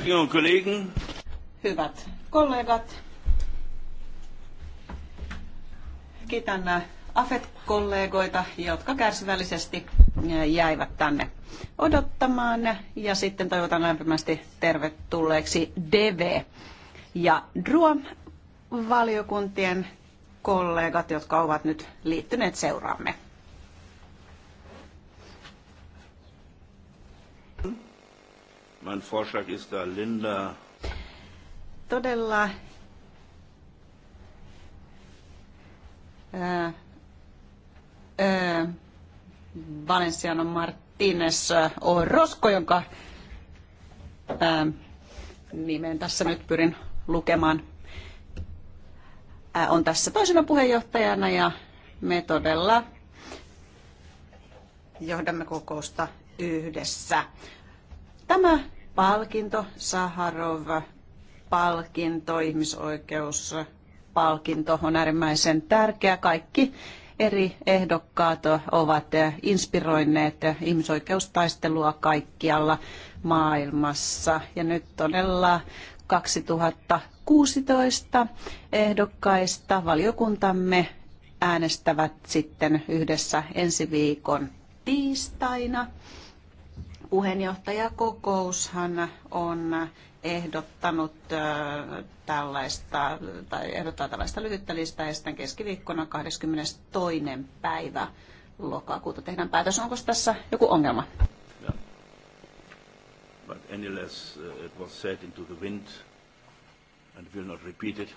Kolleginnen und Kollegen. Hyvät kollegat, kiitän AFET-kollegoita, jotka kärsivällisesti jäivät tänne odottamaan. Ja sitten toivotan lämpimästi tervetulleeksi DV ja DRUOM-valiokuntien kollegat, jotka ovat nyt liittyneet seuraamme. Mein Vorschlag ist da Linda. Todella ää, ää, Valenciano Martínez on Rosko, jonka ää, nimen tässä nyt pyrin lukemaan. Ää, on tässä toisena puheenjohtajana ja me todella johdamme kokousta yhdessä. Tämä palkinto, Saharov-palkinto, palkinto on äärimmäisen tärkeä. Kaikki eri ehdokkaat ovat inspiroineet ihmisoikeustaistelua kaikkialla maailmassa. Ja nyt todella 2016 ehdokkaista valiokuntamme äänestävät sitten yhdessä ensi viikon tiistaina. Puheenjohtajakokoushan on ehdottanut tällaista, tai ehdottaa tällaista lyhyttä listaa ja sitten keskiviikkona 22. päivä lokakuuta tehdään päätös. Onko tässä joku ongelma? Yeah. But uh, it was said into the wind and will not repeat it.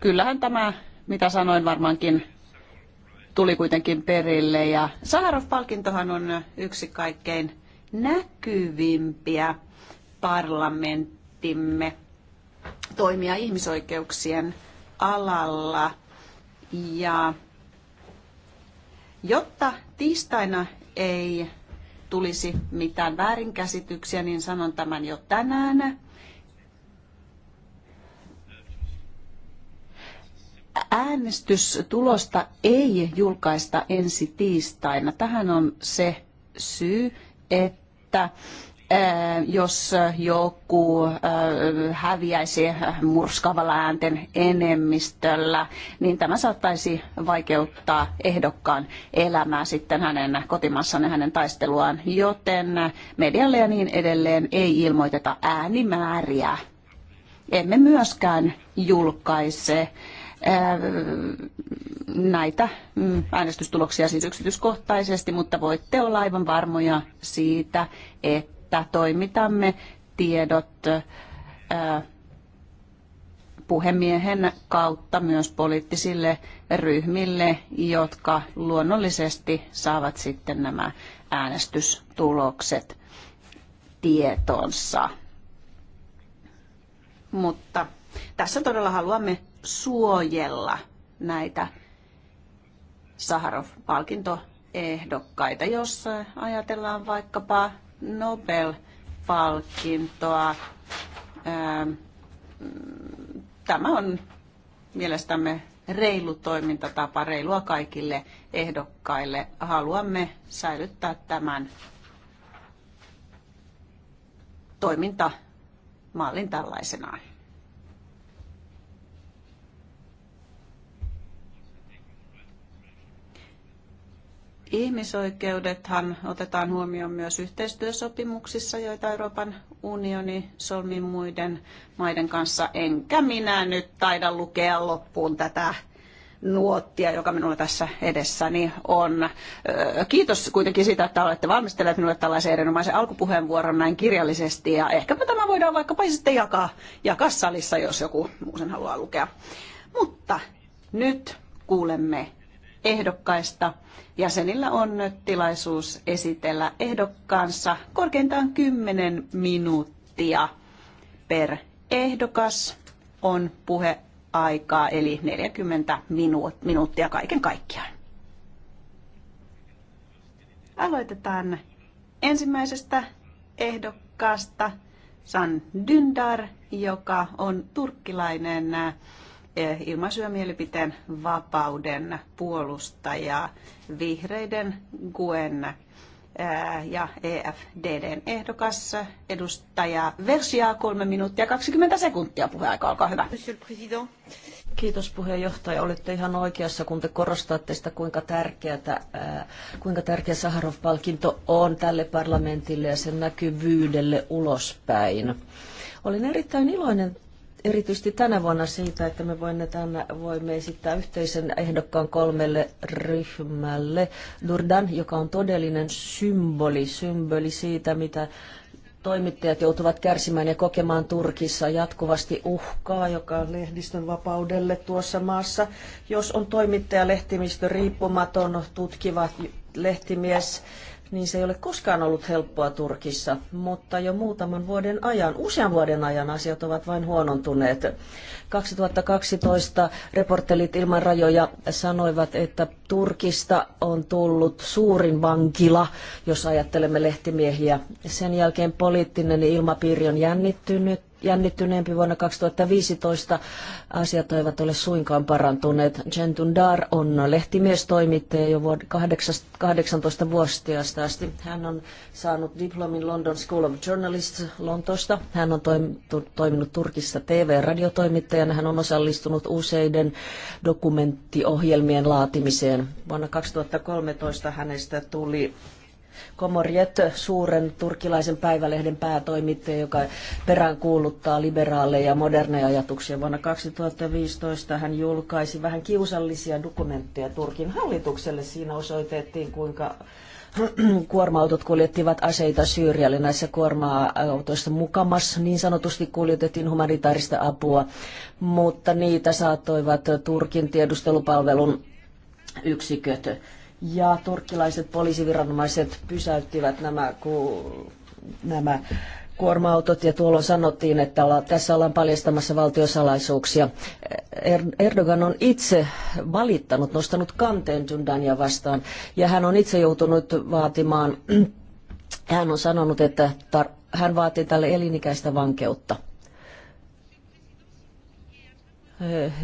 Kyllähän tämä, mitä sanoin varmaankin tuli kuitenkin perille. Ja Saharov-palkintohan on yksi kaikkein näkyvimpiä parlamenttimme toimia ihmisoikeuksien alalla. Ja jotta tiistaina ei tulisi mitään väärinkäsityksiä, niin sanon tämän jo tänään. Äänestystulosta ei julkaista ensi tiistaina. Tähän on se syy, että jos joku häviäisi murskavalla äänten enemmistöllä, niin tämä saattaisi vaikeuttaa ehdokkaan elämää sitten hänen kotimassaan ja hänen taisteluaan, joten medialle ja niin edelleen ei ilmoiteta äänimääriä. Emme myöskään julkaise näitä mm, äänestystuloksia siis yksityiskohtaisesti, mutta voitte olla aivan varmoja siitä, että toimitamme tiedot puhemiehen kautta myös poliittisille ryhmille, jotka luonnollisesti saavat sitten nämä äänestystulokset tietonsa. Mutta tässä todella haluamme suojella näitä Saharov-palkintoehdokkaita. Jos ajatellaan vaikkapa Nobel-palkintoa, ähm, tämä on mielestämme reilu toimintatapa, reilua kaikille ehdokkaille. Haluamme säilyttää tämän toimintamallin tällaisenaan. Ihmisoikeudethan otetaan huomioon myös yhteistyösopimuksissa, joita Euroopan unioni solmi muiden maiden kanssa. Enkä minä nyt taida lukea loppuun tätä nuottia, joka minulla tässä edessäni on. Kiitos kuitenkin siitä, että olette valmistelleet minulle tällaisen erinomaisen alkupuheenvuoron näin kirjallisesti. Ja ehkäpä tämä voidaan vaikkapa sitten jakaa, jakaa salissa, jos joku muu sen haluaa lukea. Mutta nyt kuulemme ehdokkaista. Jäsenillä on nyt tilaisuus esitellä ehdokkaansa korkeintaan 10 minuuttia per ehdokas on puheaikaa, eli 40 minuuttia kaiken kaikkiaan. Aloitetaan ensimmäisestä ehdokkaasta, San Dündar, joka on turkkilainen ilmaisu- ja mielipiteen vapauden puolustaja vihreiden Gwen ja EFDDn ehdokas edustaja Versia, 3 minuuttia 20 sekuntia puheaika, olkaa hyvä. Kiitos puheenjohtaja. Olette ihan oikeassa, kun te korostatte sitä, kuinka, tärkeätä, kuinka tärkeä Saharov-palkinto on tälle parlamentille ja sen näkyvyydelle ulospäin. Olin erittäin iloinen erityisesti tänä vuonna siitä, että me voimme, tänä, voimme esittää yhteisen ehdokkaan kolmelle ryhmälle. Durdan, joka on todellinen symboli, symboli siitä, mitä toimittajat joutuvat kärsimään ja kokemaan Turkissa jatkuvasti uhkaa, joka on lehdistön vapaudelle tuossa maassa. Jos on toimittaja, lehtimistö riippumaton, tutkiva lehtimies, niin se ei ole koskaan ollut helppoa Turkissa, mutta jo muutaman vuoden ajan, usean vuoden ajan asiat ovat vain huonontuneet. 2012 reportelit ilman rajoja sanoivat, että Turkista on tullut suurin vankila, jos ajattelemme lehtimiehiä. Sen jälkeen poliittinen ilmapiiri on jännittynyt jännittyneempi vuonna 2015. Asiat eivät ole suinkaan parantuneet. Gentun Dar on lehtimiestoimittaja jo 18-vuotiaasta asti. Hän on saanut diplomin London School of Journalists Lontosta. Hän on toiminut Turkissa TV- ja radiotoimittajana. Hän on osallistunut useiden dokumenttiohjelmien laatimiseen. Vuonna 2013 hänestä tuli Komoriet, suuren turkilaisen päivälehden päätoimittaja, joka peräänkuuluttaa liberaaleja ja moderneja ajatuksia. Vuonna 2015 hän julkaisi vähän kiusallisia dokumentteja Turkin hallitukselle. Siinä osoitettiin, kuinka kuorma-autot kuljettivat aseita Syyrialle. Näissä kuorma-autoissa mukamas niin sanotusti kuljetettiin humanitaarista apua, mutta niitä saattoivat Turkin tiedustelupalvelun yksiköt ja turkkilaiset poliisiviranomaiset pysäyttivät nämä, ku, nämä kuorma-autot ja tuolloin sanottiin, että tässä ollaan paljastamassa valtiosalaisuuksia. Er, Erdogan on itse valittanut, nostanut kanteen Dündania vastaan ja hän on itse joutunut vaatimaan, hän on sanonut, että hän vaatii tälle elinikäistä vankeutta.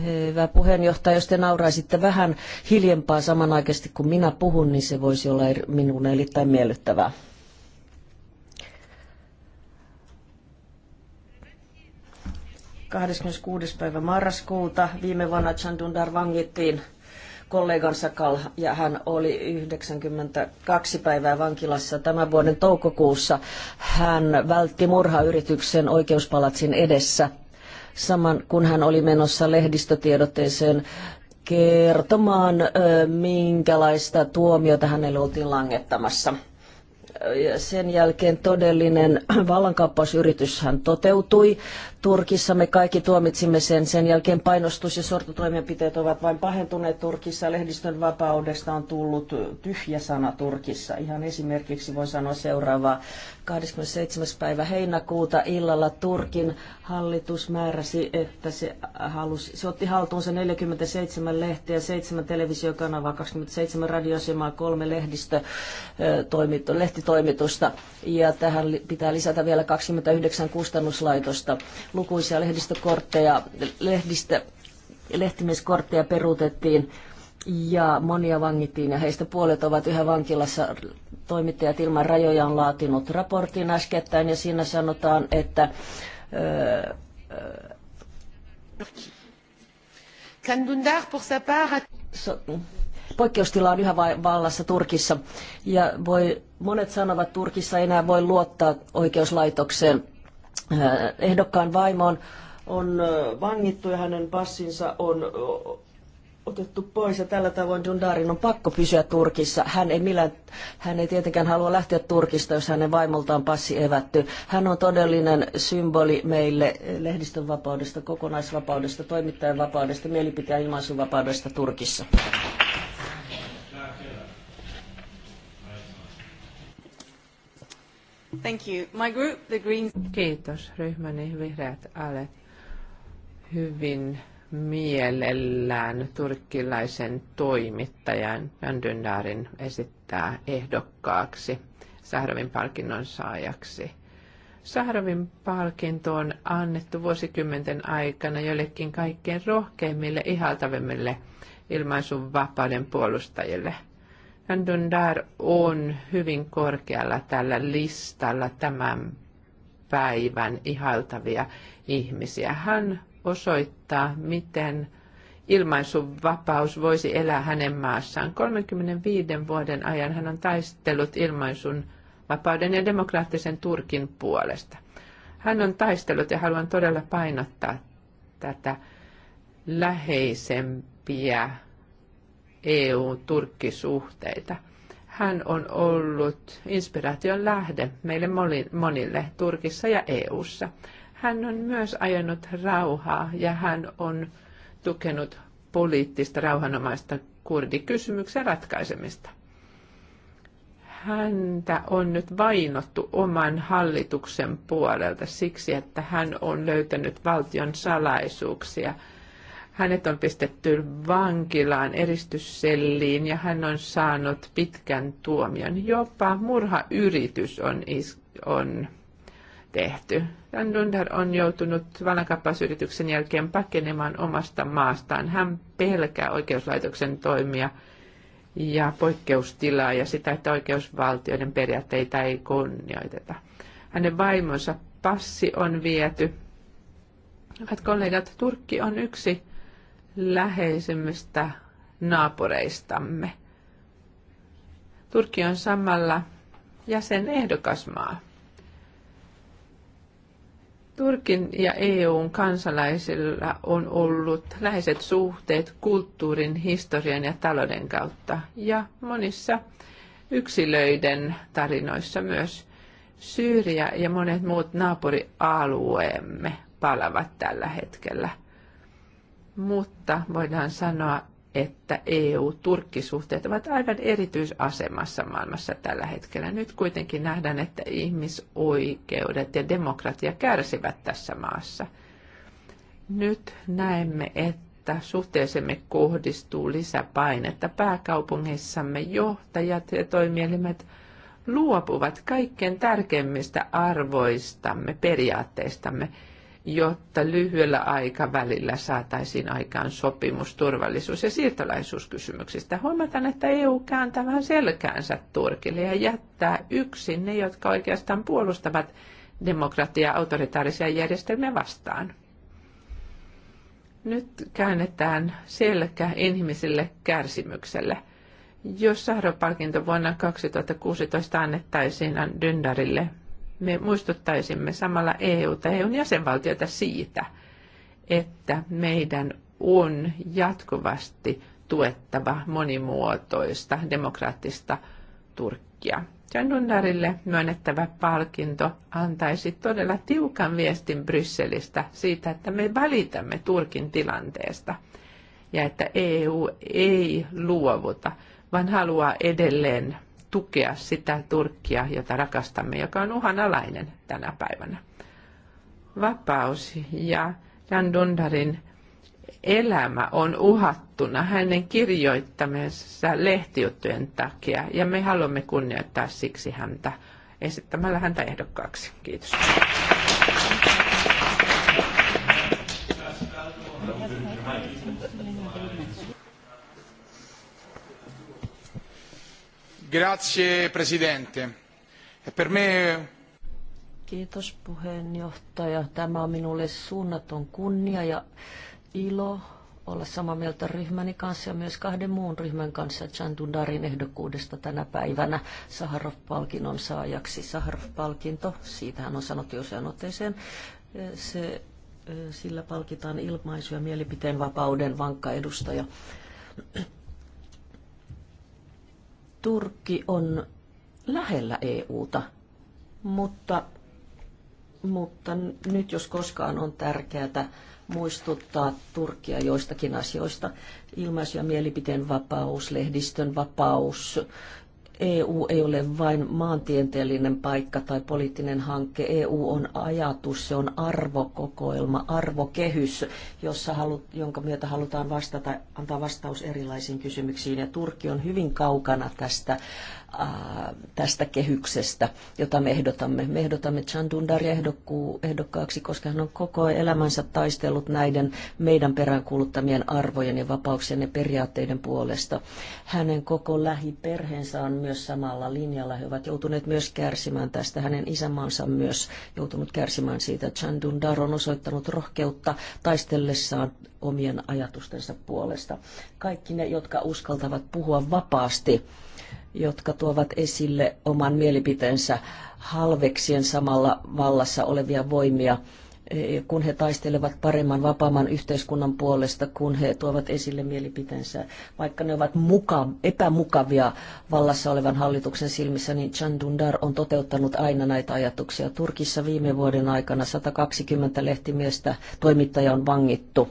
Hyvä puheenjohtaja, jos te nauraisitte vähän hiljempaa samanaikaisesti kuin minä puhun, niin se voisi olla minulle erittäin miellyttävää. ...26. päivä marraskuuta viime vuonna Chandundar vangittiin kollegansa Kal, ja hän oli 92 päivää vankilassa tämän vuoden toukokuussa. Hän vältti murhayrityksen oikeuspalatsin edessä saman kun hän oli menossa lehdistötiedotteeseen kertomaan, minkälaista tuomiota hänelle oltiin langettamassa. Sen jälkeen todellinen vallankaappausyritys hän toteutui. Turkissa me kaikki tuomitsimme sen. Sen jälkeen painostus- ja sortotoimenpiteet ovat vain pahentuneet Turkissa. Lehdistön vapaudesta on tullut tyhjä sana Turkissa. Ihan esimerkiksi voin sanoa seuraavaa. 27. päivä heinäkuuta illalla Turkin hallitus määräsi, että se, halusi, se otti haltuunsa 47 lehteä, 7 televisiokanavaa, 27 radioasemaa, kolme lehdistö, lehtitoimitusta. Ja tähän pitää lisätä vielä 29 kustannuslaitosta lukuisia lehdistökortteja, lehdistä, lehtimieskortteja peruutettiin ja monia vangittiin ja heistä puolet ovat yhä vankilassa. Toimittajat ilman rajoja on laatinut raportin äskettäin ja siinä sanotaan, että öö, öö, poikkeustila on yhä vallassa Turkissa ja voi, monet sanovat, että Turkissa ei enää voi luottaa oikeuslaitokseen Äh, ehdokkaan vaimo on äh, vangittu ja hänen passinsa on otettu pois ja tällä tavoin Dundarin on pakko pysyä Turkissa. Hän ei, millään, hän ei tietenkään halua lähteä Turkista, jos hänen vaimoltaan passi evätty. Hän on todellinen symboli meille lehdistön vapaudesta, kokonaisvapaudesta, toimittajan vapaudesta, mielipiteen ilmaisun vapaudesta Turkissa. Thank you. My group, the Greens... Kiitos ryhmäni Vihreät alet hyvin mielellään turkkilaisen toimittajan Dündarin esittää ehdokkaaksi Sahrovin palkinnon saajaksi. Sahrovin palkinto on annettu vuosikymmenten aikana joillekin kaikkein rohkeimmille, ihaltavimmille ilmaisun vapauden puolustajille – Dundar on hyvin korkealla tällä listalla tämän päivän ihailtavia ihmisiä. Hän osoittaa, miten ilmaisuvapaus voisi elää hänen maassaan. 35 vuoden ajan hän on taistellut ilmaisun vapauden ja demokraattisen Turkin puolesta. Hän on taistellut ja haluan todella painottaa tätä läheisempiä EU-Turkki-suhteita. Hän on ollut inspiraation lähde meille monille Turkissa ja EU:ssa. Hän on myös ajanut rauhaa ja hän on tukenut poliittista rauhanomaista kurdikysymyksen ratkaisemista. Häntä on nyt vainottu oman hallituksen puolelta siksi, että hän on löytänyt valtion salaisuuksia – hänet on pistetty vankilaan, eristysselliin ja hän on saanut pitkän tuomion. Jopa murhayritys on, is- on tehty. Dan Dundar on joutunut vallankapausyrityksen jälkeen pakenemaan omasta maastaan. Hän pelkää oikeuslaitoksen toimia ja poikkeustilaa ja sitä, että oikeusvaltioiden periaatteita ei kunnioiteta. Hänen vaimonsa passi on viety. Hyvät kollegat, Turkki on yksi läheisimmistä naapureistamme. Turkki on samalla ehdokasmaa. Turkin ja EUn kansalaisilla on ollut läheiset suhteet kulttuurin, historian ja talouden kautta ja monissa yksilöiden tarinoissa myös. Syyriä ja monet muut naapurialueemme palavat tällä hetkellä – mutta voidaan sanoa, että EU-Turkki-suhteet ovat aivan erityisasemassa maailmassa tällä hetkellä. Nyt kuitenkin nähdään, että ihmisoikeudet ja demokratia kärsivät tässä maassa. Nyt näemme, että suhteeseemme kohdistuu lisäpainetta. Pääkaupungissamme johtajat ja toimielimet luopuvat kaikkein tärkeimmistä arvoistamme, periaatteistamme – jotta lyhyellä aikavälillä saataisiin aikaan sopimus turvallisuus- ja siirtolaisuuskysymyksistä. Huomataan, että EU kääntää vähän selkäänsä Turkille ja jättää yksin ne, jotka oikeastaan puolustavat demokratiaa autoritaarisia järjestelmiä vastaan. Nyt käännetään selkä ihmisille kärsimykselle. Jos Sahropalkinto vuonna 2016 annettaisiin Dündarille me muistuttaisimme samalla EUta, EUn jäsenvaltiota siitä, että meidän on jatkuvasti tuettava monimuotoista demokraattista Turkkia. Janundarille myönnettävä palkinto antaisi todella tiukan viestin Brysselistä siitä, että me välitämme Turkin tilanteesta ja että EU ei luovuta, vaan haluaa edelleen tukea sitä Turkkia, jota rakastamme, joka on uhanalainen tänä päivänä. Vapaus ja Jan Dundarin elämä on uhattuna hänen kirjoittamensa lehtijuttujen takia, ja me haluamme kunnioittaa siksi häntä esittämällä häntä ehdokkaaksi. Kiitos. arvoisa puhemies e Kiitos puheenjohtaja. Tämä on minulle suunnaton kunnia ja ilo olla samaa mieltä ryhmäni kanssa ja myös kahden muun ryhmän kanssa Chandundarin ehdokkuudesta tänä päivänä Saharov-palkinnon saajaksi. Saharov-palkinto, siitähän on sanottu jo sen otteeseen, se, eh, sillä palkitaan ilmaisu- ja mielipiteen vapauden vankka edustaja. Turkki on lähellä EUta, mutta, mutta nyt jos koskaan on tärkeää muistuttaa Turkia joistakin asioista. Ilmaisu- ja mielipiteen vapaus, lehdistön vapaus, EU ei ole vain maantieteellinen paikka tai poliittinen hanke. EU on ajatus, se on arvokokoelma, arvokehys, jossa halu, jonka myötä halutaan vastata, antaa vastaus erilaisiin kysymyksiin. Ja Turkki on hyvin kaukana tästä tästä kehyksestä, jota me ehdotamme. Me ehdotamme Chandundaria ehdokkaaksi, koska hän on koko elämänsä taistellut näiden meidän peräänkuuluttamien arvojen ja vapauksien ja periaatteiden puolesta. Hänen koko lähiperheensä on myös samalla linjalla. He ovat joutuneet myös kärsimään tästä. Hänen isämaansa on myös joutunut kärsimään siitä. Chandundar on osoittanut rohkeutta taistellessaan omien ajatustensa puolesta. Kaikki ne, jotka uskaltavat puhua vapaasti jotka tuovat esille oman mielipiteensä halveksien samalla vallassa olevia voimia, e, kun he taistelevat paremman, vapaamman yhteiskunnan puolesta, kun he tuovat esille mielipiteensä. Vaikka ne ovat muka, epämukavia vallassa olevan hallituksen silmissä, niin Can Dundar on toteuttanut aina näitä ajatuksia. Turkissa viime vuoden aikana 120 lehtimiestä toimittaja on vangittu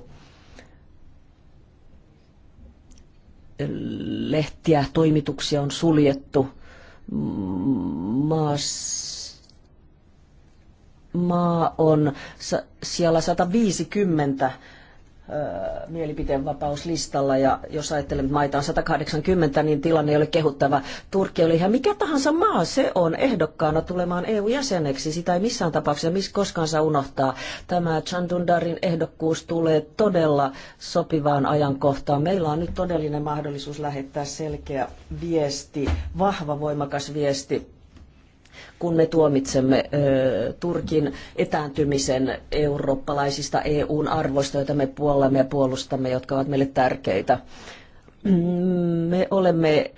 lehtiä, toimituksia on suljettu. Maas, maa on siellä 150 mielipiteenvapauslistalla ja jos ajattelemme, että maita on 180, niin tilanne ei ole kehuttava. Turkki oli ihan mikä tahansa maa, se on ehdokkaana tulemaan EU-jäseneksi. Sitä ei missään tapauksessa missä koskaan saa unohtaa. Tämä Chandundarin ehdokkuus tulee todella sopivaan ajankohtaan. Meillä on nyt todellinen mahdollisuus lähettää selkeä viesti, vahva voimakas viesti kun me tuomitsemme Turkin etääntymisen eurooppalaisista EUn arvoista, joita me puollamme ja puolustamme, jotka ovat meille tärkeitä. Mm, me olemme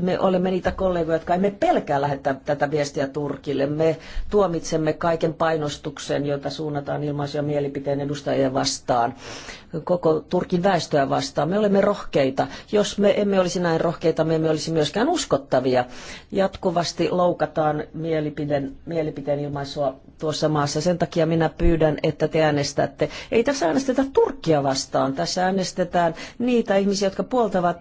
me olemme niitä kollegoja, jotka emme pelkää lähettää tätä viestiä Turkille. Me tuomitsemme kaiken painostuksen, jota suunnataan ja mielipiteen edustajia vastaan, koko Turkin väestöä vastaan. Me olemme rohkeita. Jos me emme olisi näin rohkeita, me emme olisi myöskään uskottavia. Jatkuvasti loukataan mielipiteen, mielipiteen ilmaisua tuossa maassa. Sen takia minä pyydän, että te äänestätte. Ei tässä äänestetä Turkkia vastaan. Tässä äänestetään niitä ihmisiä, jotka puoltavat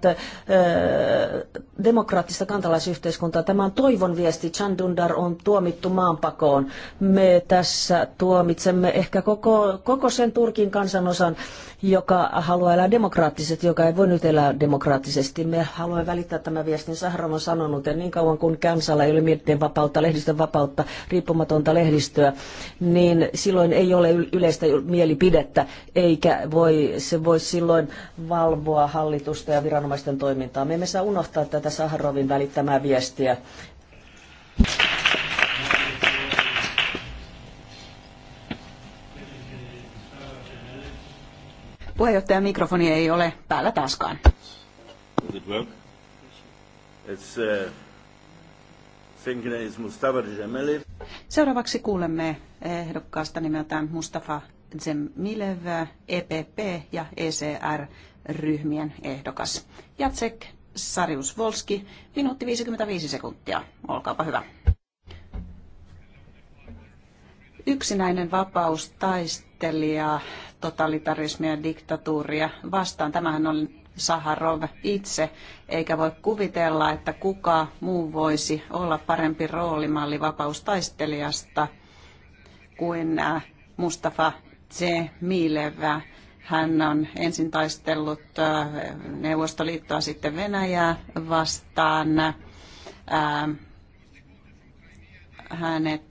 demokraattista kantalaisyhteiskuntaa. Tämä on toivon viesti. Chandundar on tuomittu maanpakoon. Me tässä tuomitsemme ehkä koko, koko sen Turkin kansanosan joka haluaa elää demokraattisesti, joka ei voi nyt elää demokraattisesti. Me haluamme välittää tämän viestin. Saharov on sanonut, että niin kauan kuin kansalla ei ole mielipiteen vapautta, lehdistön vapautta, riippumatonta lehdistöä, niin silloin ei ole yleistä mielipidettä, eikä voi, se voi silloin valvoa hallitusta ja viranomaisten toimintaa. Me emme saa unohtaa tätä Saharovin välittämää viestiä. Puheenjohtajan mikrofoni ei ole päällä taaskaan. Uh, Seuraavaksi kuulemme eh, ehdokkaasta nimeltään Mustafa Zemilev, EPP ja ECR-ryhmien ehdokas. Jacek Sarius Volski, minuutti 55 sekuntia. Olkaapa hyvä. Yksinäinen vapaus taistelu taistelijaa totalitarismia ja diktatuuria vastaan. Tämähän on Saharov itse, eikä voi kuvitella, että kuka muu voisi olla parempi roolimalli vapaustaistelijasta kuin äh, Mustafa Milevä. Hän on ensin taistellut äh, Neuvostoliittoa sitten Venäjää vastaan. Äh, hänet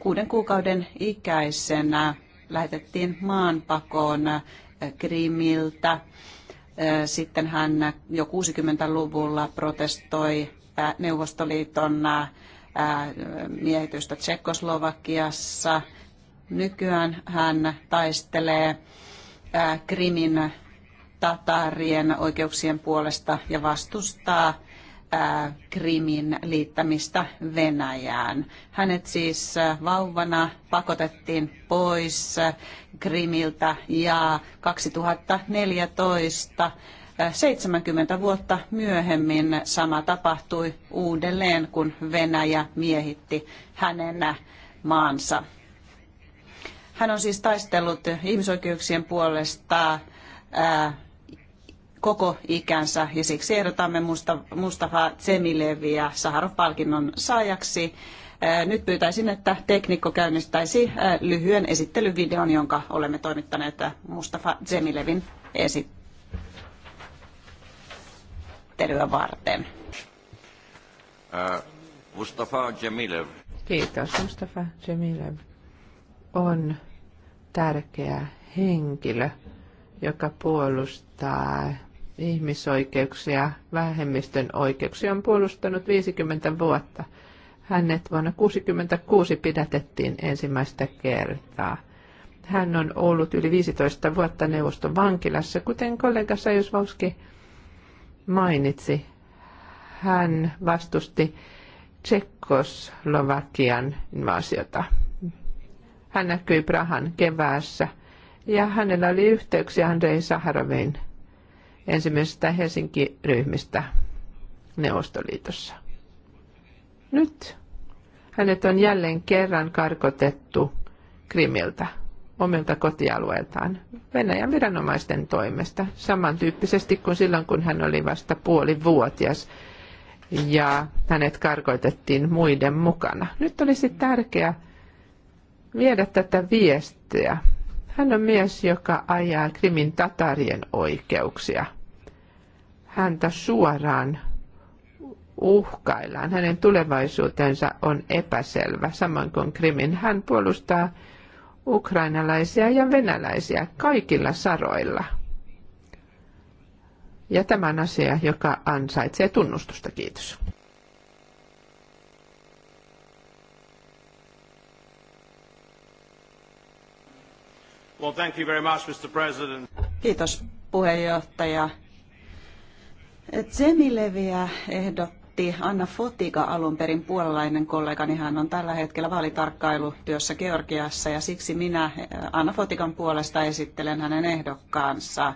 kuuden kuukauden ikäisenä lähetettiin maanpakoon äh, Krimiltä. Äh, sitten hän jo 60-luvulla protestoi äh, Neuvostoliiton miehitystä Tsekoslovakiassa. Nykyään hän taistelee Krimin tatarien oikeuksien puolesta ja vastustaa Krimin liittämistä Venäjään. Hänet siis äh, vauvana pakotettiin pois äh, Krimiltä ja 2014 70 äh, vuotta myöhemmin sama tapahtui uudelleen, kun Venäjä miehitti hänen maansa. Hän on siis taistellut ihmisoikeuksien puolesta koko ikänsä ja siksi ehdotamme Mustafa Tsemileviä Saharov-palkinnon saajaksi. Äh, nyt pyytäisin, että teknikko käynnistäisi äh, lyhyen esittelyvideon, jonka olemme toimittaneet äh, Mustafa Zemilevin esittelyä varten. Mustafa Jemilev. Kiitos. Mustafa Jemilev on tärkeä henkilö, joka puolustaa ihmisoikeuksia, vähemmistön oikeuksia on puolustanut 50 vuotta. Hänet vuonna 1966 pidätettiin ensimmäistä kertaa. Hän on ollut yli 15 vuotta neuvoston vankilassa, kuten kollega Sajusvauski mainitsi. Hän vastusti Tsekkoslovakian invasiota. Hän näkyi Prahan keväässä ja hänellä oli yhteyksiä Andrei Saharoviin ensimmäisestä Helsinki-ryhmistä Neuvostoliitossa. Nyt hänet on jälleen kerran karkotettu Krimiltä omilta kotialueiltaan Venäjän viranomaisten toimesta, samantyyppisesti kuin silloin, kun hän oli vasta puoli vuotias ja hänet karkoitettiin muiden mukana. Nyt olisi tärkeää viedä tätä viestiä hän on mies, joka ajaa Krimin tatarien oikeuksia. Häntä suoraan uhkaillaan. Hänen tulevaisuutensa on epäselvä, samoin kuin Krimin. Hän puolustaa ukrainalaisia ja venäläisiä kaikilla saroilla. Ja tämän asia, joka ansaitsee tunnustusta. Kiitos. Well, thank you very much, Mr. President. Kiitos puheenjohtaja. Zemileviä ehdotti Anna Fotiga alun perin puolalainen kollegani. Hän on tällä hetkellä vaalitarkkailutyössä Georgiassa ja siksi minä eh, Anna Fotikan puolesta esittelen hänen ehdokkaansa.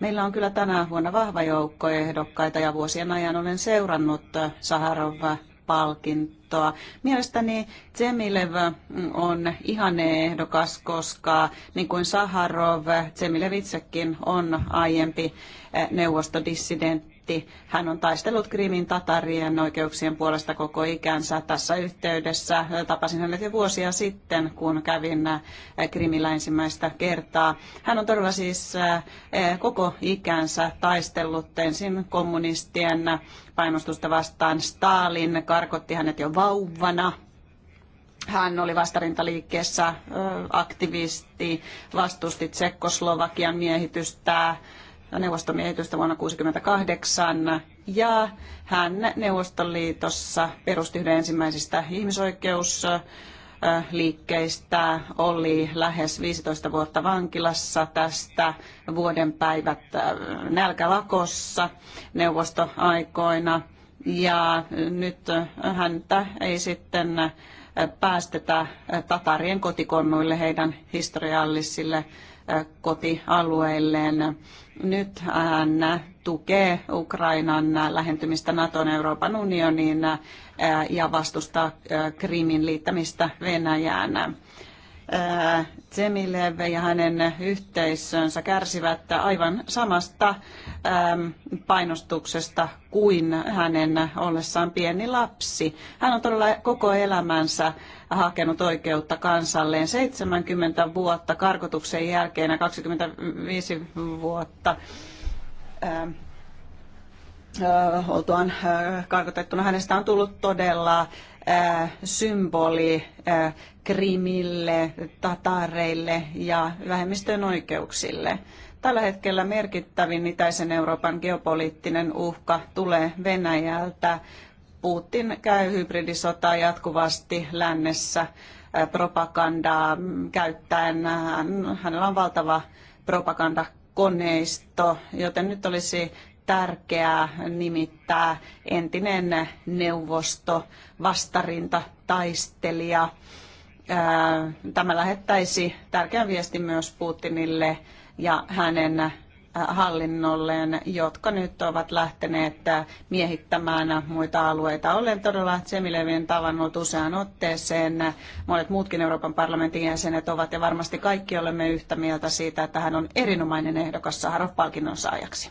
Meillä on kyllä tänä vuonna vahva joukko ehdokkaita ja vuosien ajan olen seurannut eh, Saharova palkintoa. Mielestäni Tsemilev on ihane ehdokas, koska niin kuin Saharov, Tsemilev itsekin on aiempi eh, neuvostodissidentti presidentti. Hän on taistellut Krimin tatarien oikeuksien puolesta koko ikänsä tässä yhteydessä. Tapasin hänet jo vuosia sitten, kun kävin Krimillä ensimmäistä kertaa. Hän on todella siis koko ikänsä taistellut ensin kommunistien painostusta vastaan. Stalin karkotti hänet jo vauvana hän oli vastarintaliikkeessä aktivisti, vastusti Tsekkoslovakian miehitystä, ja miehitystä vuonna 1968 ja hän Neuvostoliitossa perusti yhden ensimmäisistä ihmisoikeusliikkeistä, oli lähes 15 vuotta vankilassa tästä vuoden päivät äh, nälkälakossa neuvostoaikoina. Ja nyt häntä ei sitten päästetä tatarien kotikonnuille heidän historiallisille kotialueilleen. Nyt hän tukee Ukrainan lähentymistä Naton Euroopan unioniin ja vastustaa Krimin liittämistä Venäjään. Zemilev ja hänen yhteisönsä kärsivät aivan samasta painostuksesta kuin hänen ollessaan pieni lapsi. Hän on todella koko elämänsä hakenut oikeutta kansalleen 70 vuotta karkotuksen jälkeen ja 25 vuotta oltuaan karkotettuna hänestä on tullut todella symboli Krimille, Tatareille ja vähemmistön oikeuksille. Tällä hetkellä merkittävin itäisen Euroopan geopoliittinen uhka tulee Venäjältä. Putin käy hybridisotaa jatkuvasti lännessä propagandaa käyttäen. Hänellä on valtava propagandakoneisto, joten nyt olisi tärkeää nimittää entinen neuvosto vastarinta taistelija. Tämä lähettäisi tärkeän viesti myös Putinille ja hänen hallinnolleen, jotka nyt ovat lähteneet miehittämään muita alueita. Olen todella Tsemilevin tavannut useaan otteeseen. Monet muutkin Euroopan parlamentin jäsenet ovat ja varmasti kaikki olemme yhtä mieltä siitä, että hän on erinomainen ehdokas Saharov-palkinnon saajaksi.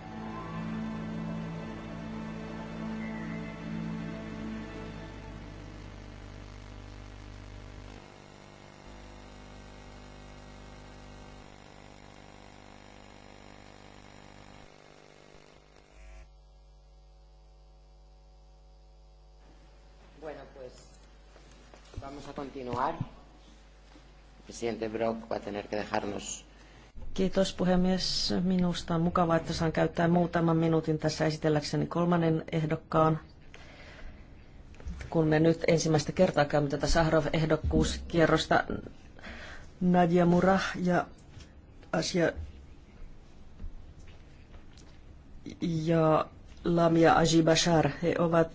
continuar. Presidente Brock va a tener que dejarnos Kiitos puhemies. Minusta on mukavaa, että saan käyttää muutaman minuutin tässä esitelläkseni kolmannen ehdokkaan. Kun me nyt ensimmäistä kertaa käymme tätä Sahrov-ehdokkuuskierrosta, Nadia Murah ja asia ja Lamia Ajibashar, he ovat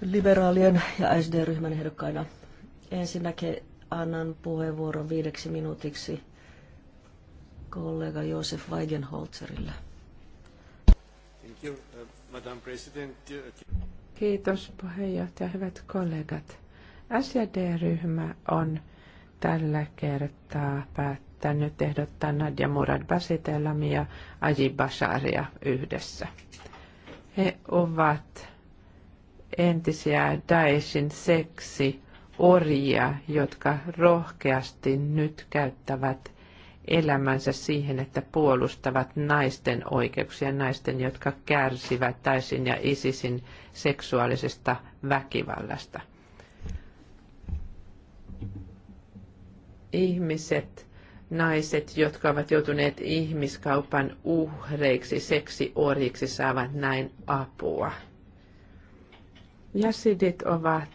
liberaalien ja SD-ryhmän ehdokkaina Ensinnäkin annan puheenvuoron viideksi minuutiksi kollega Josef Weigenholzerille. Uh, Kiitos puheenjohtaja, hyvät kollegat. SJD-ryhmä on tällä kertaa päättänyt ehdottaa Nadia Murad Basitelami ja Aji Basharia yhdessä. He ovat entisiä Daeshin seksi orjia, jotka rohkeasti nyt käyttävät elämänsä siihen, että puolustavat naisten oikeuksia, naisten, jotka kärsivät taisin ja isisin seksuaalisesta väkivallasta. Ihmiset, naiset, jotka ovat joutuneet ihmiskaupan uhreiksi, seksiorjiksi, saavat näin apua. Jasidit ovat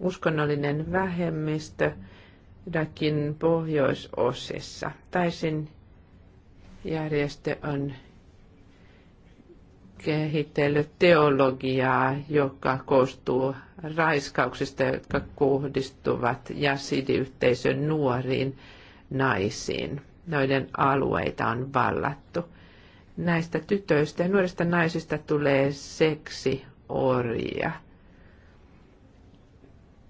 uskonnollinen vähemmistö Irakin pohjoisosissa. Taisin järjestö on kehitellyt teologiaa, joka koostuu raiskauksista, jotka kohdistuvat jäsidiyhteisön nuoriin naisiin, Noiden alueita on vallattu. Näistä tytöistä ja nuorista naisista tulee seksiorjia.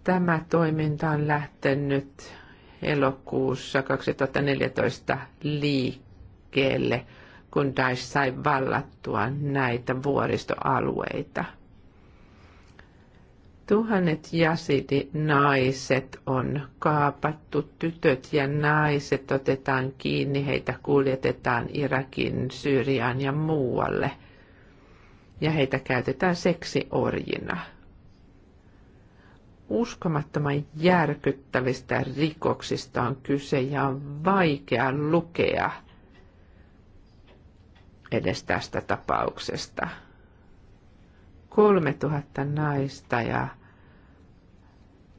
Tämä toiminta on lähtenyt elokuussa 2014 liikkeelle, kun Daesh sai vallattua näitä vuoristoalueita. Tuhannet jasidi-naiset on kaapattu, tytöt ja naiset otetaan kiinni, heitä kuljetetaan Irakin, Syyriaan ja muualle. Ja heitä käytetään seksiorjina uskomattoman järkyttävistä rikoksista on kyse ja on vaikea lukea edes tästä tapauksesta. 3000 naista ja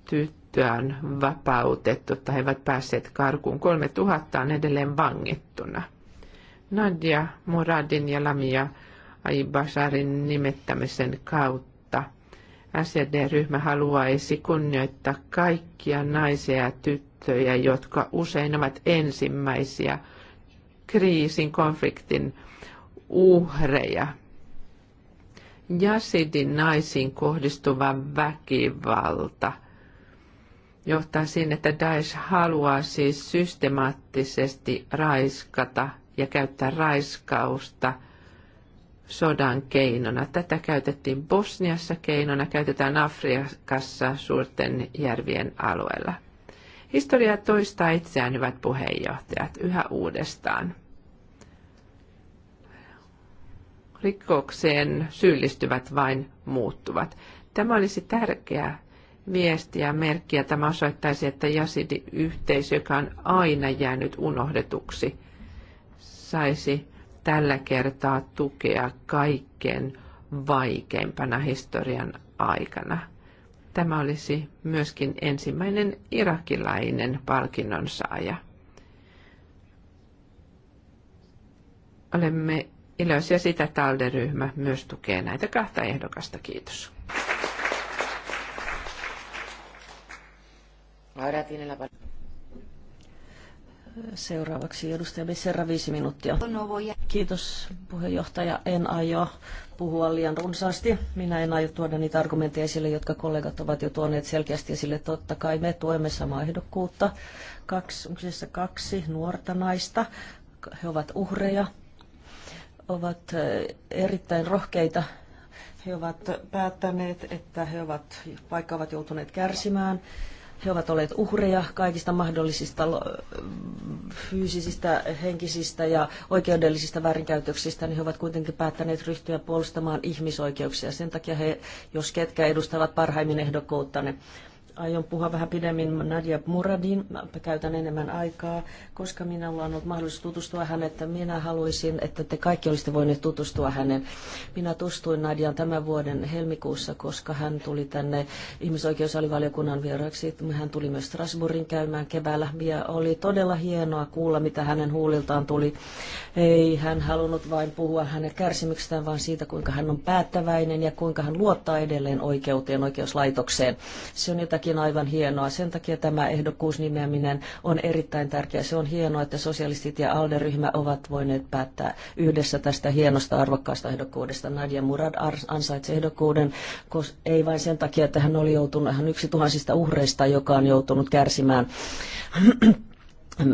tyttöä on vapautettu tai he eivät päässeet karkuun. 3000 on edelleen vangittuna. Nadia Moradin ja Lamia Aibasarin nimettämisen kautta SED-ryhmä haluaisi kunnioittaa kaikkia naisia ja tyttöjä, jotka usein ovat ensimmäisiä kriisin, konfliktin uhreja. Jasidin naisiin kohdistuva väkivalta johtaa siihen, että Daesh haluaa siis systemaattisesti raiskata ja käyttää raiskausta – sodan keinona. Tätä käytettiin Bosniassa keinona, käytetään Afrikassa suurten järvien alueella. Historia toistaa itseään, hyvät puheenjohtajat, yhä uudestaan. Rikokseen syyllistyvät vain muuttuvat. Tämä olisi tärkeä viesti ja merkki, ja tämä osoittaisi, että jasidi-yhteisö, joka on aina jäänyt unohdetuksi, saisi tällä kertaa tukea kaikkein vaikeimpana historian aikana. Tämä olisi myöskin ensimmäinen irakilainen palkinnonsaaja. Olemme iloisia sitä, että ryhmä myös tukee näitä kahta ehdokasta. Kiitos. Seuraavaksi edustaja Becerra, viisi minuuttia. Kiitos puheenjohtaja. En aio puhua liian runsaasti. Minä en aio tuoda niitä argumentteja esille, jotka kollegat ovat jo tuoneet selkeästi esille. Totta kai me tuemme samaa ehdokkuutta. Kaksi, kaksi nuorta naista. He ovat uhreja, ovat eh, erittäin rohkeita. He ovat päättäneet, että he ovat, vaikka ovat joutuneet kärsimään, he ovat olleet uhreja kaikista mahdollisista fyysisistä, henkisistä ja oikeudellisista väärinkäytöksistä, niin he ovat kuitenkin päättäneet ryhtyä puolustamaan ihmisoikeuksia. Sen takia he, jos ketkä, edustavat parhaimmin ehdokkuuttanne aion puhua vähän pidemmin Nadia Muradin. Mä käytän enemmän aikaa, koska minulla on ollut mahdollisuus tutustua hänen, että minä haluaisin, että te kaikki olisitte voineet tutustua hänen. Minä tutustuin Nadian tämän vuoden helmikuussa, koska hän tuli tänne ihmisoikeusalivaliokunnan vieraksi. Hän tuli myös Strasbourgin käymään keväällä ja oli todella hienoa kuulla, mitä hänen huuliltaan tuli. Ei hän halunnut vain puhua hänen kärsimyksestään, vaan siitä, kuinka hän on päättäväinen ja kuinka hän luottaa edelleen oikeuteen, oikeuslaitokseen. Se on jotakin onkin aivan hienoa. Sen takia tämä ehdokkuus nimeäminen on erittäin tärkeä. Se on hienoa, että sosialistit ja ALDE-ryhmä ovat voineet päättää yhdessä tästä hienosta arvokkaasta ehdokkuudesta. Nadia Murad ansaitsee ehdokkuuden, ei vain sen takia, että hän oli joutunut, hän yksi tuhansista uhreista, joka on joutunut kärsimään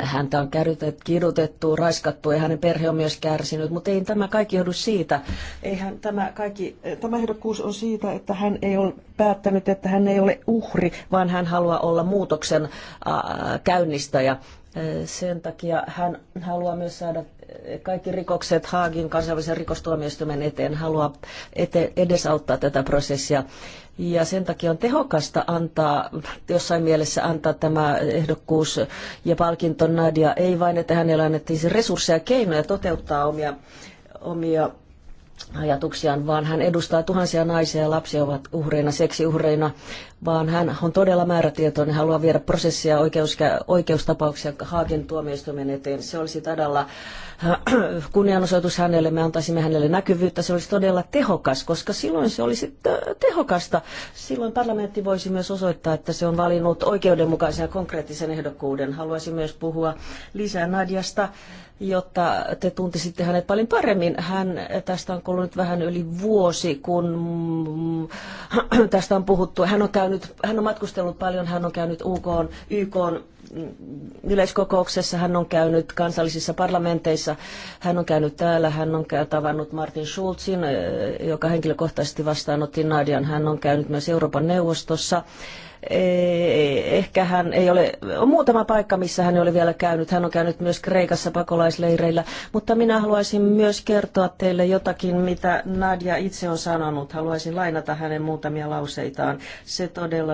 häntä on kärytet, kidutettu, raiskattu ja hänen perhe on myös kärsinyt, mutta ei tämä kaikki johdu siitä. Eihän tämä, kaikki, tämä ehdokkuus on siitä, että hän ei ole päättänyt, että hän ei ole uhri, vaan hän haluaa olla muutoksen käynnistäjä. Sen takia hän haluaa myös saada kaikki rikokset Haagin kansainvälisen rikostuomioistuimen eteen, haluaa ete, edesauttaa tätä prosessia. Ja sen takia on tehokasta antaa, jossain mielessä antaa tämä ehdokkuus ja palkinto Nadia, ei vain, että hänellä annettiin siis resursseja ja keinoja toteuttaa omia, omia ajatuksiaan, vaan hän edustaa tuhansia naisia ja lapsia ovat uhreina, seksiuhreina, vaan hän on todella määrätietoinen, haluaa viedä prosessia oikeuskä, oikeustapauksia Haagen tuomioistuimen eteen. Se olisi todella äh, kunnianosoitus hänelle, me antaisimme hänelle näkyvyyttä, se olisi todella tehokas, koska silloin se olisi äh, tehokasta. Silloin parlamentti voisi myös osoittaa, että se on valinnut oikeudenmukaisen ja konkreettisen ehdokkuuden. Haluaisin myös puhua lisää Nadjasta jotta te tuntisitte hänet paljon paremmin. Hän, tästä on kulunut vähän yli vuosi, kun mm, tästä on puhuttu. Hän on käynyt käynyt, hän on matkustellut paljon, hän on käynyt UK, YK mm, yleiskokouksessa, hän on käynyt kansallisissa parlamenteissa, hän on käynyt täällä, hän on tavannut Martin Schulzin, joka henkilökohtaisesti vastaanotti Nadian, hän on käynyt myös Euroopan neuvostossa Eh, ehkä hän ei ole, on muutama paikka, missä hän oli vielä käynyt. Hän on käynyt myös Kreikassa pakolaisleireillä, mutta minä haluaisin myös kertoa teille jotakin, mitä Nadia itse on sanonut. Haluaisin lainata hänen muutamia lauseitaan. Se todella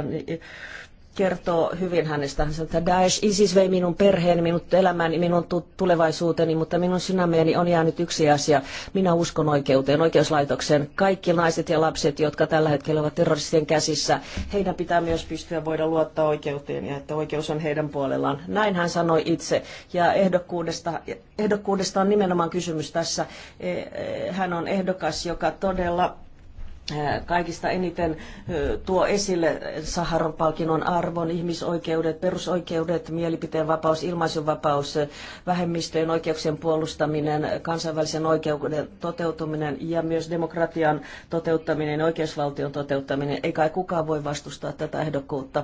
kertoo hyvin hänestä. Hän sanoo, että Daesh, ISIS vei minun perheeni, minun elämäni, minun tulevaisuuteni, mutta minun sydämeeni on jäänyt yksi asia. Minä uskon oikeuteen, oikeuslaitokseen. Kaikki naiset ja lapset, jotka tällä hetkellä ovat terroristien käsissä, heidän pitää myös pystyä voida luottaa oikeuteen ja että oikeus on heidän puolellaan. Näin hän sanoi itse. Ja ehdokkuudesta, ehdokkuudesta on nimenomaan kysymys tässä. E, e, hän on ehdokas, joka todella kaikista eniten tuo esille Saharon palkinnon arvon, ihmisoikeudet, perusoikeudet, mielipiteenvapaus, ilmaisunvapaus, vähemmistöjen oikeuksien puolustaminen, kansainvälisen oikeuden toteutuminen ja myös demokratian toteuttaminen, oikeusvaltion toteuttaminen. Ei kai kukaan voi vastustaa tätä ehdokkuutta.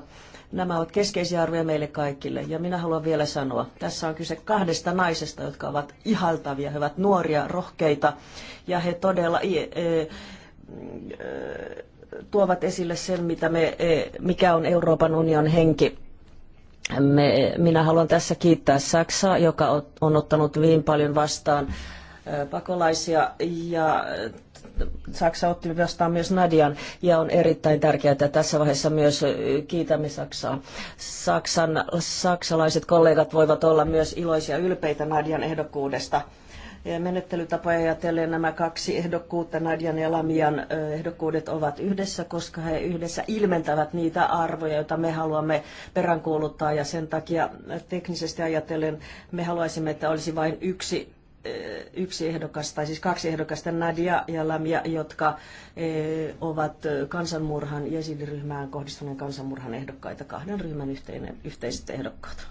Nämä ovat keskeisiä arvoja meille kaikille. Ja minä haluan vielä sanoa, tässä on kyse kahdesta naisesta, jotka ovat ihaltavia, he ovat nuoria, rohkeita ja he todella e- tuovat esille sen, mitä me, e, mikä on Euroopan union henki. Me, minä haluan tässä kiittää Saksaa, joka on ottanut hyvin niin paljon vastaan e, pakolaisia ja Saksa otti vastaan myös Nadian ja on erittäin tärkeää, että tässä vaiheessa myös kiitämme Saksaa. Saksan, saksalaiset kollegat voivat olla myös iloisia ylpeitä Nadian ehdokkuudesta menettelytapoja ajatellen nämä kaksi ehdokkuutta, Nadjan ja Lamian ehdokkuudet ovat yhdessä, koska he yhdessä ilmentävät niitä arvoja, joita me haluamme peräänkuuluttaa ja sen takia teknisesti ajatellen me haluaisimme, että olisi vain yksi yksi ehdokas, tai siis kaksi ehdokasta, Nadia ja Lamia, jotka ovat kansanmurhan, jesidiryhmään kohdistuneen kansanmurhan ehdokkaita, kahden ryhmän yhteinen, yhteiset ehdokkaat.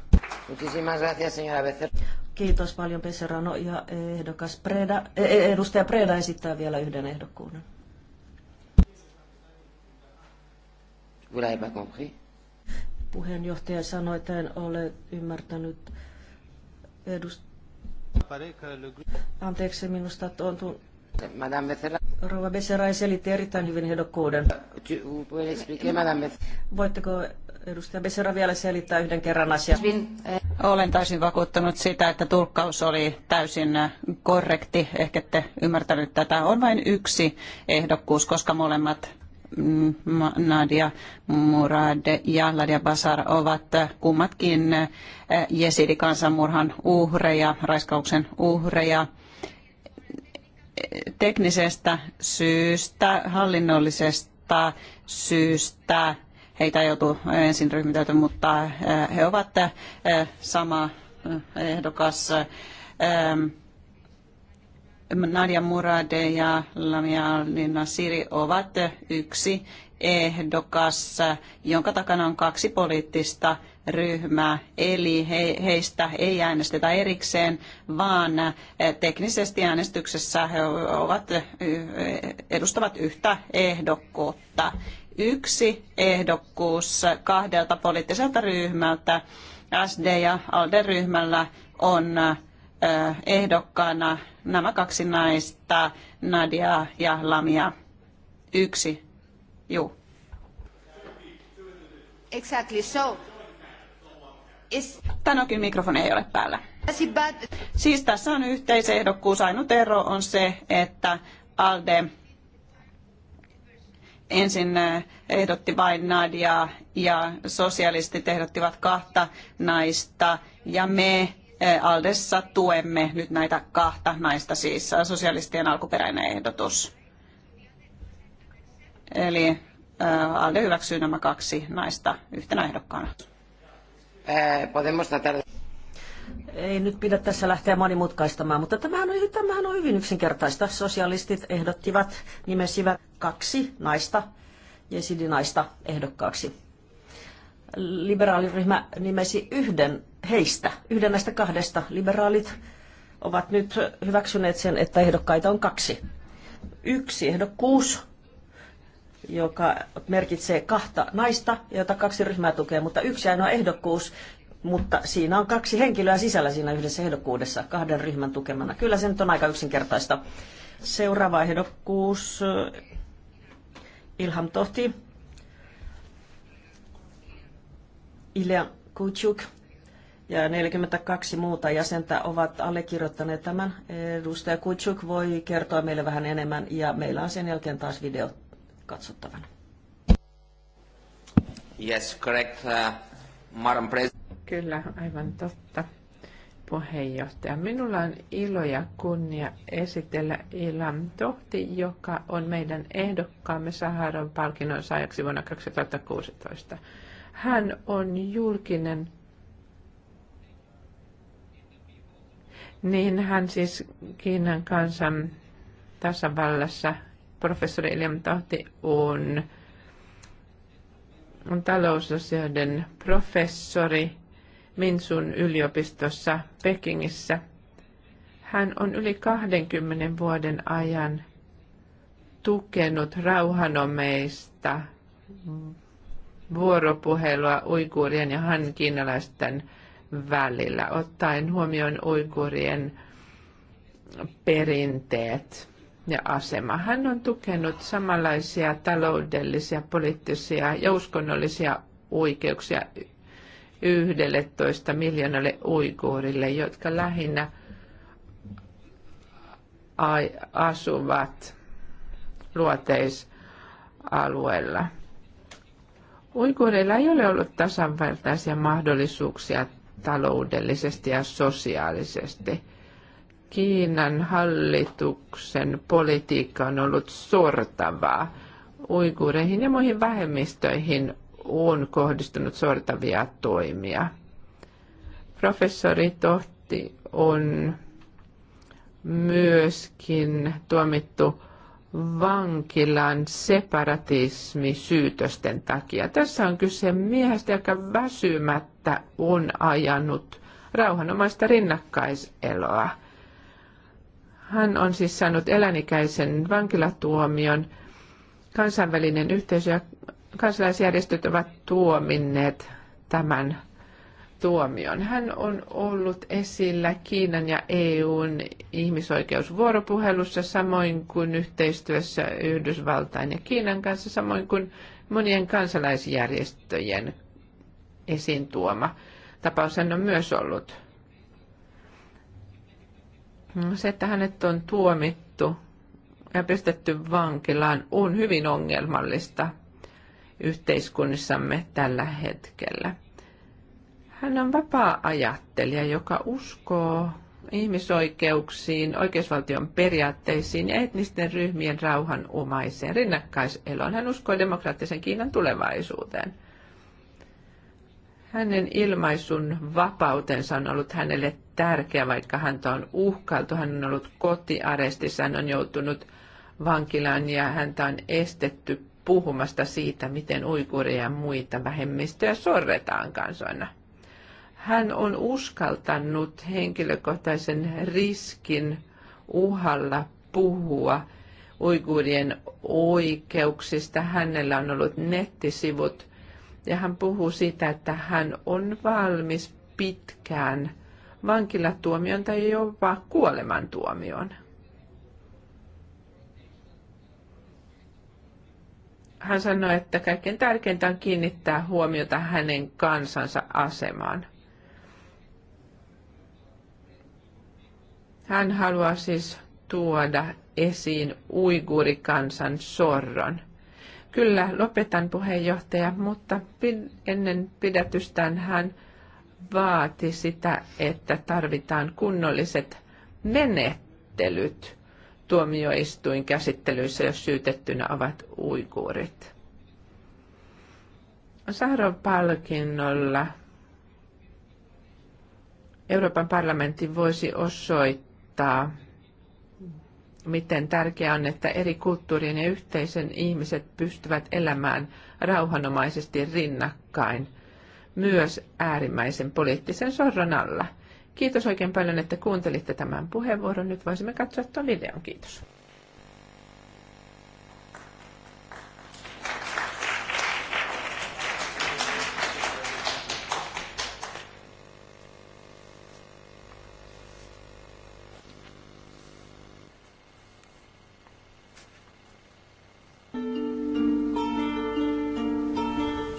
Kiitos paljon Peserano ja ehdokas Preda, eh, eh, edustaja Preda esittää vielä yhden ehdokkuuden. Puheenjohtaja sanoi, että en ole ymmärtänyt edust... Anteeksi, minusta on tullut... Rouva Besserai selitti erittäin hyvin ehdokkuuden. Voitteko Edustaja Besera vielä selittää yhden kerran eh, Olen täysin vakuuttunut siitä, että tulkkaus oli täysin eh, korrekti. Ehkä ette ymmärtänyt tätä. On vain yksi ehdokkuus, koska molemmat mm, Nadia Murad ja Ladia Basar ovat eh, kummatkin jesidi-kansanmurhan uhreja, raiskauksen uhreja. Teknisestä syystä, hallinnollisesta syystä heitä ei joutu ensin ryhmitelty, mutta eh, he ovat eh, sama eh, ehdokas. Nadia Murade ja Lamia al Siri ovat yksi ehdokas, jonka takana on kaksi poliittista ryhmää, eli he, heistä ei äänestetä erikseen, vaan teknisesti äänestyksessä he ovat, edustavat yhtä ehdokkuutta yksi ehdokkuus kahdelta poliittiselta ryhmältä. SD ja ALDE-ryhmällä on ehdokkaana nämä kaksi naista, Nadia ja Lamia. Yksi. Juu. Exactly so. Is... onkin mikrofoni ei ole päällä. Siis tässä on yhteisehdokkuus. Ainut ero on se, että ALDE ensin äh, ehdotti vain Nadiaa ja sosialistit ehdottivat kahta naista ja me äh, Aldessa tuemme nyt näitä kahta naista, siis sosialistien alkuperäinen ehdotus. Eli äh, Alde hyväksyy nämä kaksi naista yhtenä ehdokkaana. Podemos tratar ei nyt pidä tässä lähteä monimutkaistamaan, mutta tämähän on, tämähän on hyvin yksinkertaista. Sosialistit ehdottivat, nimesivät kaksi naista, jesidinaista ehdokkaaksi. Liberaaliryhmä nimesi yhden heistä, yhden näistä kahdesta. Liberaalit ovat nyt hyväksyneet sen, että ehdokkaita on kaksi. Yksi ehdokkuus, joka merkitsee kahta naista, jota kaksi ryhmää tukee, mutta yksi ainoa ehdokkuus, mutta siinä on kaksi henkilöä sisällä siinä yhdessä ehdokkuudessa kahden ryhmän tukemana. Kyllä se nyt on aika yksinkertaista. Seuraava ehdokkuus, Ilham Tohti, Ilja Kutsuk ja 42 muuta jäsentä ovat allekirjoittaneet tämän. Edustaja Kutsuk voi kertoa meille vähän enemmän ja meillä on sen jälkeen taas video katsottavana. Yes, correct, uh, Madam President. Kyllä, aivan totta, puheenjohtaja. Minulla on ilo ja kunnia esitellä Ilan Tohti, joka on meidän ehdokkaamme Saharan palkinnon saajaksi vuonna 2016. Hän on julkinen Niin hän siis Kiinan kansan tasavallassa, professori Ilan Tohti on, on talousasioiden professori Minsun yliopistossa Pekingissä. Hän on yli 20 vuoden ajan tukenut rauhanomeista vuoropuhelua uikuurien ja hankiinalaisten välillä, ottaen huomioon uikuurien perinteet ja asema. Hän on tukenut samanlaisia taloudellisia, poliittisia ja uskonnollisia oikeuksia 11 miljoonalle uikuurille, jotka lähinnä asuvat luoteisalueella. Uikuureilla ei ole ollut tasavertaisia mahdollisuuksia taloudellisesti ja sosiaalisesti. Kiinan hallituksen politiikka on ollut sortavaa. Uiguureihin ja muihin vähemmistöihin on kohdistunut sortavia toimia. Professori Tohti on myöskin tuomittu vankilan separatismisyytösten takia. Tässä on kyse miehestä, joka väsymättä on ajanut rauhanomaista rinnakkaiseloa. Hän on siis saanut elänikäisen vankilatuomion. Kansainvälinen yhteisö ja kansalaisjärjestöt ovat tuominneet tämän tuomion. Hän on ollut esillä Kiinan ja EUn ihmisoikeusvuoropuhelussa, samoin kuin yhteistyössä Yhdysvaltain ja Kiinan kanssa, samoin kuin monien kansalaisjärjestöjen esiin tuoma. Tapaus hän on myös ollut. Se, että hänet on tuomittu ja pistetty vankilaan, on hyvin ongelmallista yhteiskunnissamme tällä hetkellä. Hän on vapaa-ajattelija, joka uskoo ihmisoikeuksiin, oikeusvaltion periaatteisiin ja etnisten ryhmien rauhanomaiseen rinnakkaiseloon. Hän uskoo demokraattisen Kiinan tulevaisuuteen. Hänen ilmaisun vapautensa on ollut hänelle tärkeä, vaikka häntä on uhkailtu. Hän on ollut kotiarestissa, hän on joutunut vankilaan ja häntä on estetty puhumasta siitä, miten uikureja ja muita vähemmistöjä sorretaan kansoina. Hän on uskaltanut henkilökohtaisen riskin uhalla puhua uiguurien oikeuksista. Hänellä on ollut nettisivut ja hän puhuu siitä, että hän on valmis pitkään vankilatuomion tai jopa kuolemantuomion. hän sanoi, että kaikkein tärkeintä on kiinnittää huomiota hänen kansansa asemaan. Hän haluaa siis tuoda esiin uigurikansan sorron. Kyllä, lopetan puheenjohtaja, mutta ennen pidätystään hän vaati sitä, että tarvitaan kunnolliset menettelyt tuomioistuin käsittelyissä, jos syytettynä ovat uiguurit. Saharov-palkinnolla Euroopan parlamentti voisi osoittaa, miten tärkeää on, että eri kulttuurien ja yhteisön ihmiset pystyvät elämään rauhanomaisesti rinnakkain, myös äärimmäisen poliittisen sorron alla – Kiitos oikein paljon, että kuuntelitte tämän puheenvuoron. Nyt voisimme katsoa tuon videon. Kiitos.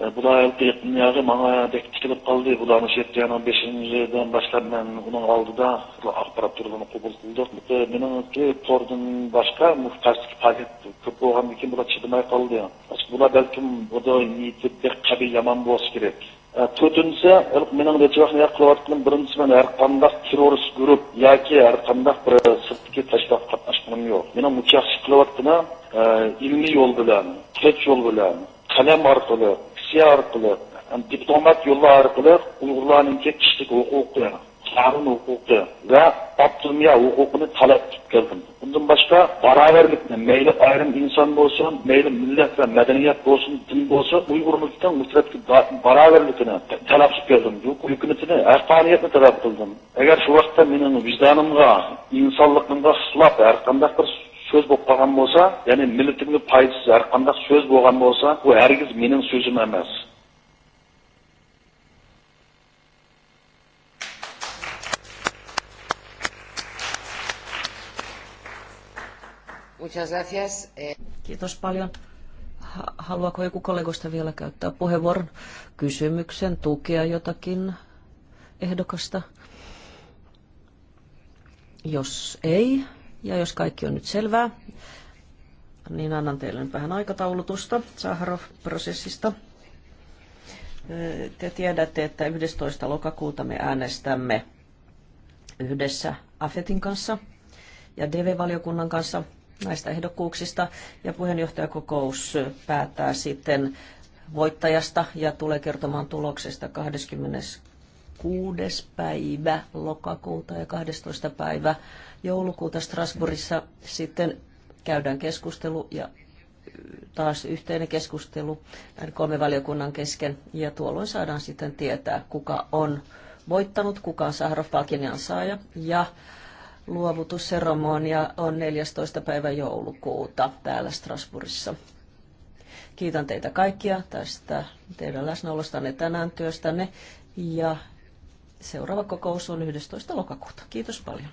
E, da elde etdim yarım ama dek tikilip kaldı. anış şetti yani 5. yüzyıldan başlar ben onun aldı da akbarat turulunu kubul kıldık. E, Benim ki tordun başka muhtaçlık paket köp olgan bu da çıdımay kaldı. da belkim o da niyetip dek kabil yaman boğaz gerek. Төртінші, менің рәчуақын әр қылуатының бірінші мен terörist grup, ya ki яки әр қандақ бір сыртки тәшкілат қатнашқаным жоқ. Менің мұчақшы қылуатыны ilmi yol bilen, кеч yol bilen, kalem arkalı, Rusya arkalı, yani diplomat yo'llari orqali uyg'urlarning kishilik hukuku, qonun hukuku ve Abdülmiya hukukunu talep qilib keldim bundan boshqa barobarlikni meyli ayrım insan olsun, meyli millet ve medeniyet olsun, din bo'lsin uyg'urlikdan musratga barobarlikni talab geldim. keldim hukumatini haqqoniyatni talab qildim agar shu vaqtda mening vijdonimga insonligimga xilof har qanday bir сөз болып қалған болса яғни милләтіңе пайдасыз әрқандай сөз болған болса бұл әргіз менің сөзім емес Kiitos paljon. Haluaako joku kollegoista vielä käyttää puheenvuoron? Kysymyksen, tukea jotakin ehdokasta? Jos ei, ja jos kaikki on nyt selvää, niin annan teille nyt vähän aikataulutusta Saharov-prosessista. Te tiedätte, että 11. lokakuuta me äänestämme yhdessä AFETin kanssa ja DV-valiokunnan kanssa näistä ehdokkuuksista. Ja puheenjohtajakokous päättää sitten voittajasta ja tulee kertomaan tuloksesta 20 6. päivä lokakuuta ja 12. päivä joulukuuta Strasbourgissa sitten käydään keskustelu ja taas yhteinen keskustelu näiden kolmen valiokunnan kesken. Ja tuolloin saadaan sitten tietää, kuka on voittanut, kuka on Saharov-palkinnon saaja. Ja luovutusseremonia on 14. päivä joulukuuta täällä Strasbourgissa. Kiitän teitä kaikkia tästä teidän läsnäolostanne tänään työstänne ja Seuraava kokous on 11. lokakuuta. Kiitos paljon.